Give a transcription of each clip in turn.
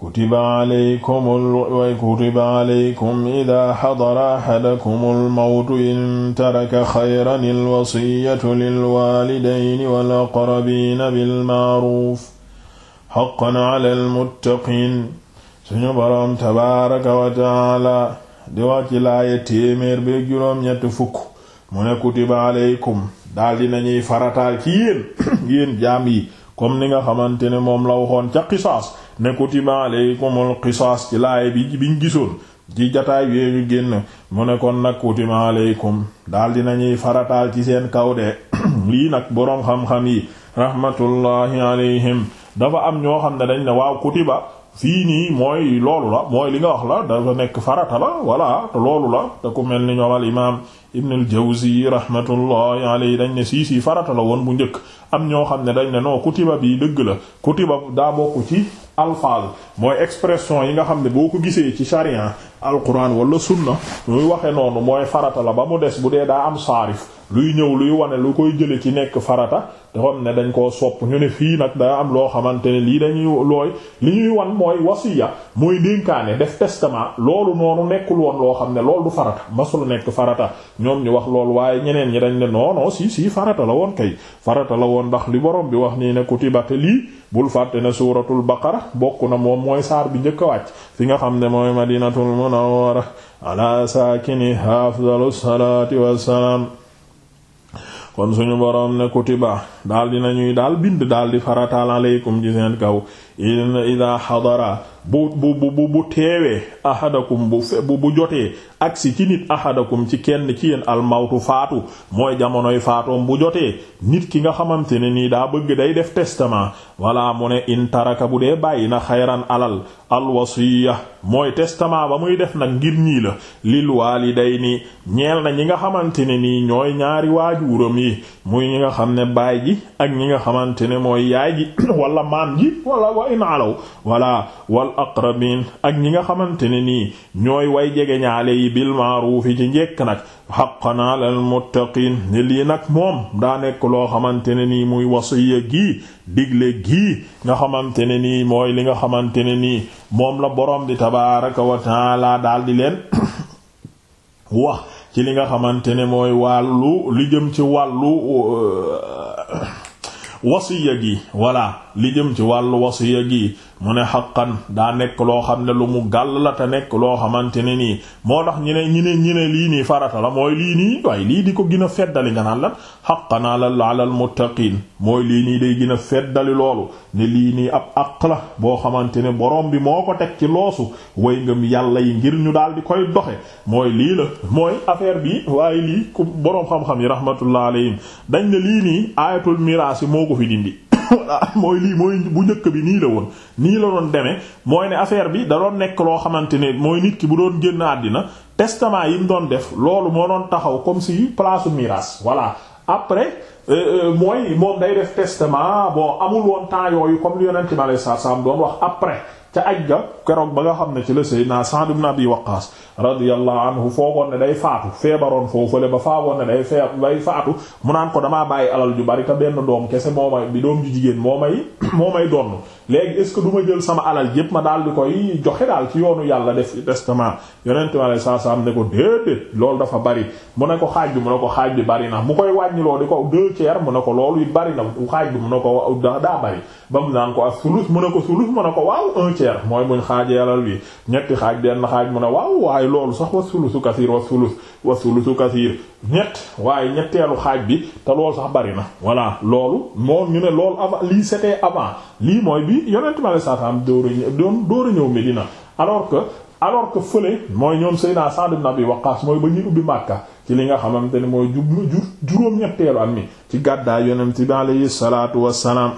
kutiba alaykumul wa kutiba alaykum idaa hadara ahadakumul mawtu in taraka xayran al-wasiyyatu lilwaalidayni wal aqrabiina bil ma'ruuf haqqan alal muttaqiin suñu boroom tabaaraka wa ta'aala di wax ci laaya téeméer bi juróom-ñett fukk mu ne kutiba alaykum daldi nañuy farataal ci yéen yéen jaam yi comme ni nga xamante ne moom la waxoon ca qisaas ne kutiba alaykumul qisaas ci laay bi biñ gisoon ci jataay yee ñu génn mu ne kon nag kutiba alaykum daal dinañuy farataal ci seen kaw de lii nag boroom xam-xam yi rahmatullahi alayhim dafa am ñoo xam ne dañ ne waaw kutiba fii nii mooy loolu la mooy li nga wax la dafa nekk farata la walla te loolu la te ku mel ni ñoom al imaam Ibn al-Jawzi rahmatullahi alayhi dañ ne sii sii farata la woon bu njëkk am ñoo xam ne dañ ne noo kutiba bii dëgg la kutiba daa bokk ci. alfaaz mooy expression yi nga xam ne boo ko gisee ci sharia alquran wala sunna ñuy waxe noonu mooy farata la ba mu des bu dee daa am saarif luy ñëw luy wane lu koy jële ci nekk farata te xam ne dañ koo sopp ñu ne fii nag daa am loo xamante ne lii dañuy looy li ñuy wan mooy wasiya mooy dénkaane def testament loolu noonu nekkul woon loo xam ne lool du farata masul nekk farata ñoom ñu wax loolu waaye ñeneen ñi dañ ne non non si si farata la woon kay farata la woon ndax li borom bi wax nii ne kutiba te lii bul fàtte ne suuratul baqara bokk na moom mooy saar bi njëkk a munawwara ala saakinihaa afdalu salaati wassalaam kon suñu boroom ne kutiba daal dinañuy daal bind daal di farataal aleykum ci seen kaw ida xadara bu bu bu bu teewee ahadakum bu jotee agsi ci nit ahadakum ci kenn ci yéen almawtu faatu mooy jamonoy faatoom bu jotee nit ki nga xamante ne nii daa bëgg day def testament walla mu ne in taraka bu dee bàyyi na xayran alal alwasiya mooy testament ba muy def nag ngir ñii la lil nii ñeel na ñi nga xamante ne nii ñooy ñaari waajuram yi muy ñi nga xam ne baay ak ñi nga xamante ne mooy yaay ji wala maam ji in alaw wala wal ak ñi nga xamante ne nii ñooy way jege ñaale yi bil ma'ruf yi ci njekk nag haqqan alal muttaqin ne lii nag moom daa nekk loo xamante ne nii muy wasiya gii digle gii nga xamante ne nii mooy li nga xamante ne nii moom la boroom di tabaaraka wa taala daal di leen wax ci li nga xamante ne mooy wàllu li jëm ci wàllu euh, wasiya gi voilà li jëm ci wàllu wasiya gi mu ne xaqan daa nekk loo xam ne lu mu gàll la te nekk loo xamante ne nii moo tax ñi ne ñu ne ñu ne lii nii farata la mooy lii nii waaye lii di ko gën a feddali nga naan lan xaqan ala al muttaqin mooy lii nii day gën a feddali loolu ne lii nii ab àq la boo xamante ne borom bi moo ko teg ci loosu way ngëm yàlla yi ngir ñu daal di koy doxe mooy lii la mooy affaire bi waaye lii ku boroom xam-xam yi rahmatullah alayhim ko fi dindi mooy lii mooy bu njëkk bi nii la woon nii la doon demee mooy ne affaire bi da doon nekk loo xamante ne mooy nit ki bu doon génn àddina testament yi mu doon def loolu moo doon taxaw comme si place miraas voilà après Euh, euh, mooy moom day def testament bon amul woon temps yooyu comme li yonent bi alei saatu salaam doon wax après ca aj ga keroog ba nga xam ne ci la Seydina Sa'd ibn Abi Waqqas radiyallahu anhu foogoon ne day faatu feebaroon foofule ba faagoon ne day fee day faatu mu naan ko damaa bàyyi alal ju bari te benn doom kese moo may bi doom jigéen moo may moo may donn léegi est-ce du ma jël sama alal yépp ma daal di koy joxe daal ci yoonu yàlla def testament yonent mi alei saatu salaam ne ko déedéet loolu dafa tiers mu ne ko loolu it bari na xaaj bi mu ne ko daa bari ba mu naan ko ak sulus mu ne ko sulus mu ne ko waaw un tiers mooy buñ xaajee alal bi ñetti xaaj benn xaaj mu ne waaw waaye loolu sax wa sulusu kasiir wa sulus wa sulusu kasiir ñett waaye ñetteelu xaaj bi te loolu sax bari na voilà loolu moom ñu ne lool avant lii c'était avant lii mooy bi yonent ma la saatam dóora doon dóora ñëw Medina alors que alors ko fële mooy ñoom Seydina Sa'd ibn Abi Waqqas mooy ba ñu ubbi Makka ci li nga xamante ne mooy jur juróom-ñetteelu am mi ci gàddaay yonent bi alayhi salaatu wassalaam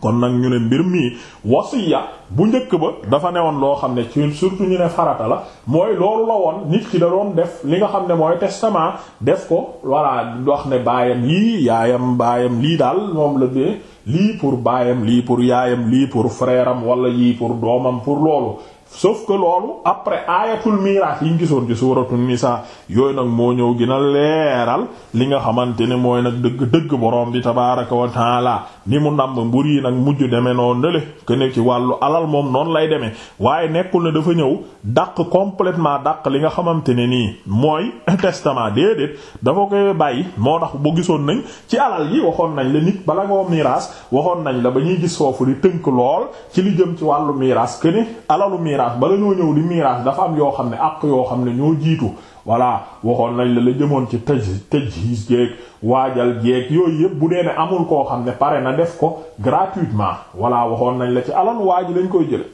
kon nag ñu ne mbir mi wasiya bu njëkk ba dafa newoon loo xam ne ci surtout ñu ne farata la mooy loolu la woon nit ki da def li nga xam ne mooy testament def ko voilà wax ne baayam yii yaayam baayam lii daal moom la dee lii pour baayam lii pour yaayam lii pour frère am wala yii pour doomam pour loolu sauf ko loolu après aayatul miraas yi ñu gisoon ci suuratul nisaa yooyu nag moo ñëw gën a leeral li nga xamante ne mooy nag dëgg dëgg borom bi tabaaraka wa taala ni mu ndàmb mbur yi nag mujj demee noonu dale que ci wàllu alal moom noonu lay demee waaye nekkul ne dafa ñëw dàq complètement dàq li nga xamante ne nii mooy testament déedéet dafa koy bàyyi moo tax bu gisoon nañ ci alal yi waxoon nañ la nit bala ngoo miraas waxoon nañ la ba ñuy gis soofu di tënk lool ci li jëm ci wàllu miraas que alalu miraas miraas bala ñoo ñëw di miraas dafa am yoo xam ne àq yoo xam ne ñoo jiitu voilà waxoon nañ la la jëmoon ci tëj tëjhiis jeeg waajal jeeg yooyu yëpp bu dee ne amul koo xam ne pare na def ko gratuitement voilà waxoon nañ la ci alal waa ji lañ koy jële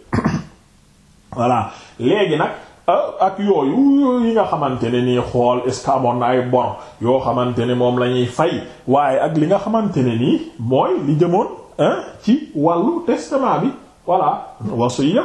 voilà léegi nag euh, ak yooyu yi nga xamante ne nii xool est ce que amoon na ay bor yoo xamante ne moom lañuy fay waaye ak li nga xamante ne nii mooy li jëmoon ci wàllu testament bi voilà wasiya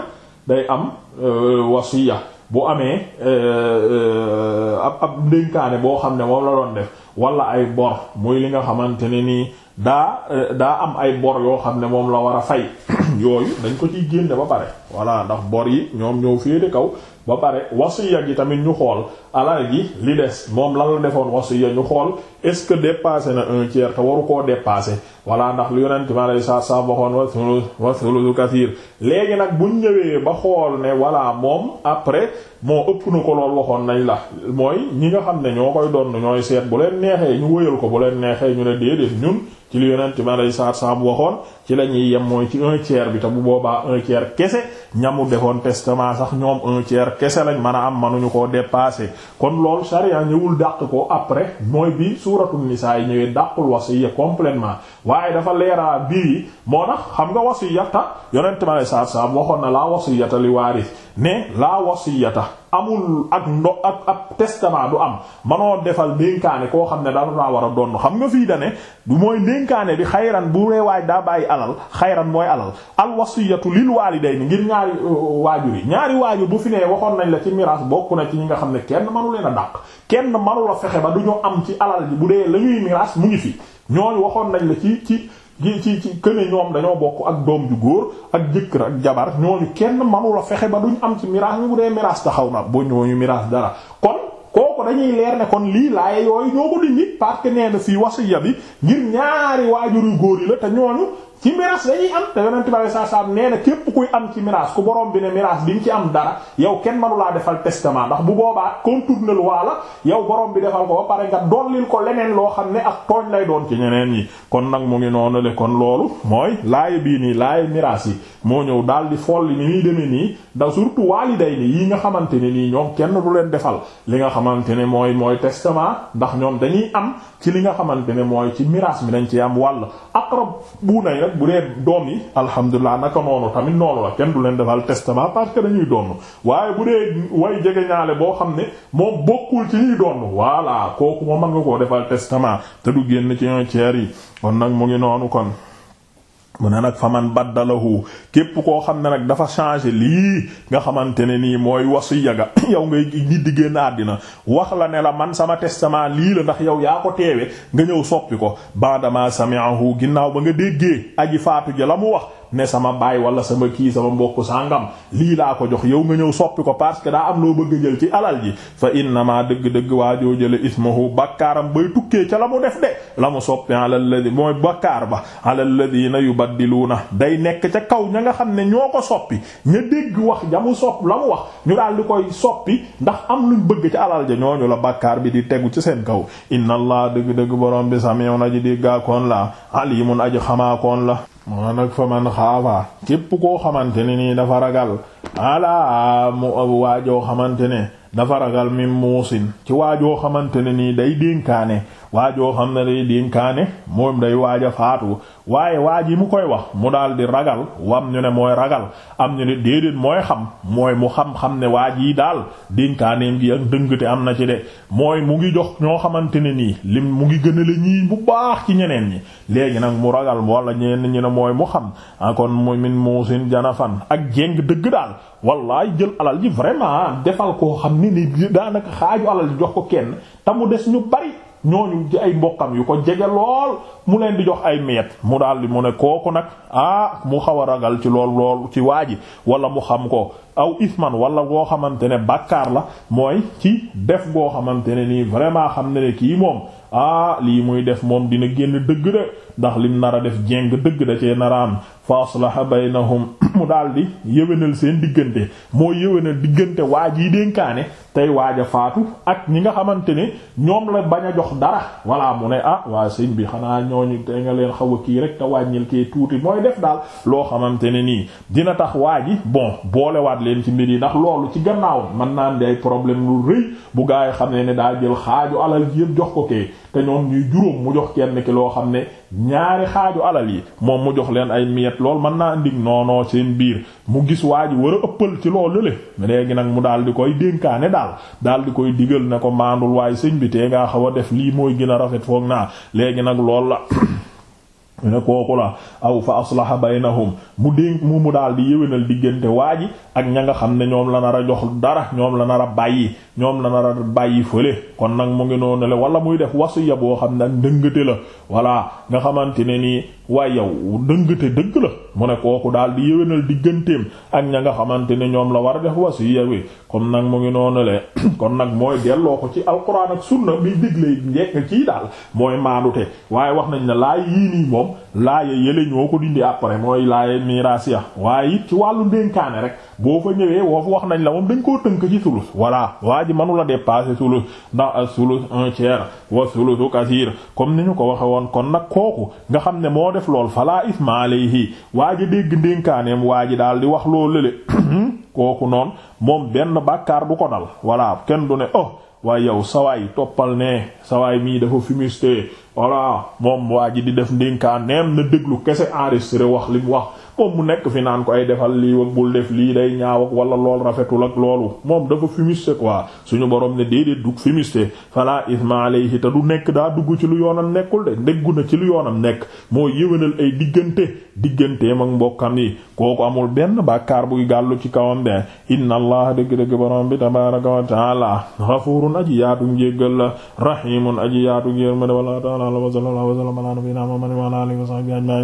day am euh, wasiya bu amee euh, ab ab ndénkaane boo xam ne moom la doon def wala ay bor muy li nga xamante ne nii daa euh, daa am ay bor yoo xam ne moom la war a fay yooyu dañ ko ciy génne ba pare voilà ndax bor yi ñoom ñoo féete kaw ba pare wasiya gi tamit ñu xool alal gi li des moom lan la defoon wasiya ñu xool est-ce que dépassé na un tiers te waru koo dépassé voilà ndax lu yonent ma lay sa sa waxoon wa lu wa thuluthu kathir léegi nag buñ ñëwee ba xool ne voilà moom après moo ëpp na ko lool waxoon nañ la mooy ñi nga xam ne ñoo koy doon ñooy seet bu leen neexee ñu wëyal ko bu leen neexee ñu ne déedéet ñun ci li yonent ma lay sa sam waxoon ci la ñuy yem mooy ci un tiers bi te bu boobaa un tiers kese ñamu defoon testament sax ñoom un tiers kese lañ man a am manuñu koo dépasser kon loolu sharia ñëwul dàq ko après mooy bi suuratul nisaa yi ñëwee dàqul wasiya complètement waaye dafa leeraa biir yi moo tax xam nga wasiyata yonent ma lay saab saab waxoon na laa wasiyata li waaris ne laa wasiyata amul ak ndo ak ak testament du am manoo defal dénkaane koo xam ne daal naa war a doon xam nga fii dane du mooy dénkaane bi xayran bu ree waay daa bàyyi alal xayran mooy alal al wasiyatu lil walidayni ngir ñaari euh, waajur yi ñaari waajur bu fi nee waxoon nañ la ci miraas bokk na ci ñi nga xam ne kenn manu leen a dàq kenn manu la fexe ba du ñu am ci alal ji bu dee la ñuy miraas mu ngi fi ñooñu waxoon nañ la ci ci gi ci ci këne ñoom dañoo bokk ak doom ju góor ak jëkkër ak jabar ñooñu kenn manula fexe ba duñ am ci miraas ñu bu dee miraas taxaw na ba ñooñu miraas dara kon kooku dañuy leer ne kon lii laaye yooyu ñoo ko dindi parce que nee na fii wasiya bi ngir ñaari waajur yu góor yi la te ñooñu ci miraas dañuy am te yonent bi sallallahu alayhi wasallam képp kuy am ci miraas ku borom bi ne miraas bi ñu ci am dara yow kenn manulaa defal testament ndax bu boobaa contournel waa la yow borom bi defal ko ba pare nga dollil ko leneen loo xam ne ak tooñ lay doon ci ñeneen yi kon nag mu ngi noonu le kon loolu mooy laay bii nii laay miraas yi moo ñëw daal di folli ni muy demee nii da surtout waaliday ni yi nga xamante ne nii ñoom kenn du leen defal li nga xamante ne mooy mooy testament ndax ñoom dañuy am ci li nga xamante ne mooy ci miraas mi dañ ci am wàll aqrab bu nay rek bu dee doom yi alhamdulilah naka noonu tamit noonu la kenn du leen defal testament parce que dañuy doon waaye bu dee way jege ñaale boo xam ne moom bokkul ci ñuy doon voilà kooku moom mën nga koo defal testament te du génn ci un tiers yi kon nag mu ngi noonu kon mu ne nag fa man baddalahu képp koo xam ne nag dafa changé lii nga xamante ne nii mooy wasu yaga yow ngay nit di génn àddina wax la ne la man sama testament lii la ndax yow yaa ko teewe nga ñëw soppi ko badama sami'ahu ginnaaw ba nga déggee aji faatu ja la mu wax ne sama baay wala sama kii sama mbokk sàngam lii laa ko jox yow nga ñëw soppi ko parce que daa am loo bëgg jël ci alal ji fa innama dëgg-dëgg waajoo jële ismahu bakkaaram bay tukkee ca la mu def de la mu soppi alalladi mooy bakkaar ba alalladina yubaddiluuna day nekk ca kaw ña nga xam ne ñoo ko soppi ña dégg wax jamu sopp la mu wax ñu daal di koy soppi ndax am luñ bëgg ca alal ja ñooñu la bakkaar bi di tegu ci seen kaw inna allah dëgg-dëgg borom bi sami'un aji déggaa koon la alimun aji xamaa koon la moo nag fa man xaafa képp koo xamante ne nii dafa ragal ala mu waajoo xamante ne dafa ragal min muusin ci waajoo xamante ne nii day dénkaane waajoo xam ne day dénkaane moom day waaj a faatu waaye waaj yi mu koy wax mu daal di ragal wam ñu ne mooy ragal am ñu ne déedéet mooy xam mooy mu xam-xam ne waaj yi daal dénkaaneem gi ak ndëngte am na ci de mooy mu ngi jox ñoo xamante ne nii lim mu ngi gën a la ñii bu baax ci ñeneen ñi léegi nag mu ragal wala ñenn ñi ne mooy mu xam akon ah mu min muusin jana fan ak jéng dëgg daal wallaay jël alal ji vraiment defal koo xam ni ni daanaka xaaju alal ji jox ko kenn te mu des ñu bari ñooñu ay mbokkam yu ko jege lool mu leen di jox ay meet mu daal di mu ne kooku nag ah mu xaw a ragal ci lool lool ci waa ji wala mu xam ko aw isman wala goo xamante ne bàkkaar la mooy ci def goo xamante ne nii vraiment xam ne ne kii moom ah lii muy def moom dina génn dëgg de ndax lim nar a def jeng dëgg da cee naraam fa aslaha baynahum mu daal di yëwénal seen diggante moo yëwénal diggante waaj yi dénkaane tey waaj a faatu ak ñi nga xamante ne ñoom la bañ a jox dara walla mu ne ah waa sëñ bi xanaa ñooñu tey nga leen xaw kii rek te wàññil kii tuuti mooy def daal loo xamante ne nii dina tax waa ji bon boolewaat leen ci mbir yi ndax loolu ci gannaaw mën naan di ay problème lu rëy bu gaa yi xam ne ne daa jël xaaju alal ji yëpp jox te ñoom ñuy juróom mu jox kenn ki loo xam ne ñaari xaaju alal yi moom mu jox leen ay miyet lool mën naa indi noonoo seen biir mu gis waa ji war a ëppal ci loolu le léegi nag mu daal di koy dénkaane daal daal di koy digal ne ko maandul waaye sëñ bi tee ngaa xaw a def lii mooy gën a rafet foog naa léegi nag lool la mu ne kooku la aw fa aslaha baynahum mu dénk mu mu daal di yéwénal diggante waa ji ak ña nga xam ne ñoom la nar a jox dara ñoom la nar a bàyyi ñoom la nar a bàyyi fële kon nag mu ngi noonu le wala muy def wasiya boo xam ne ak la walla nga xamante ne nii waaye yow ndëngate dëgg la mu ne kooku daal di yéwénal digganteem ak ña nga xamante ne ñoom la war a def wasiya wi kon nag mu ngi noonu le kon nag mooy delloo ko ci alquran ak sunna bi digle njekk kii daal mooy maadute waaye wax nañ ne yii nii moom moom laaya yële ñoo ko dindi après mooy laaya miraas ya waaye it ci wàllu ndénkaane rek boo fa ñëwee woofu wax nañ la moom dañ koo tënk ci sulus voilà waa ji mënula dépasser sulus ndax ak euh, sulus un tiers wa sulusu kasir comme ni ñu ko waxe woon kon nag kooku nga xam ne moo def lool falaa isma alayhi waa ji dégg ndénkaaneem waa ji daal di wax loolu lële kooku noonu moom benn bàkkaar bu ko dal voilà kenn du ne o oh, waaye yow sawaay toppal ne sawaay mii dafa fumiste voilà moom waa ji di def ndénkaan neem na déglu kese enregistré wax li wax moom mu nekk fi naan ko ay defal lii wak bul def lii day ñaaw ak wala lool rafetul ak loolu moom dafa fumiste quoi suñu boroom ne déedéet dug fumiste fala isma alayhi te du nekk daa dugg ci lu yoonam nekkul de ndéggu na ci lu yoonam nekk moo yéwénal ay diggante digganteem ak mbokkam yi kooku amul benn bàkkaar buy gàllu ci kawam de inna allah dëgg-dëgg borom bi tabaraka wa taala ghafurun aji yaatu njéggal la rahimun aji yaatu njéer ma de wala taala wa sallallahu wa wa ala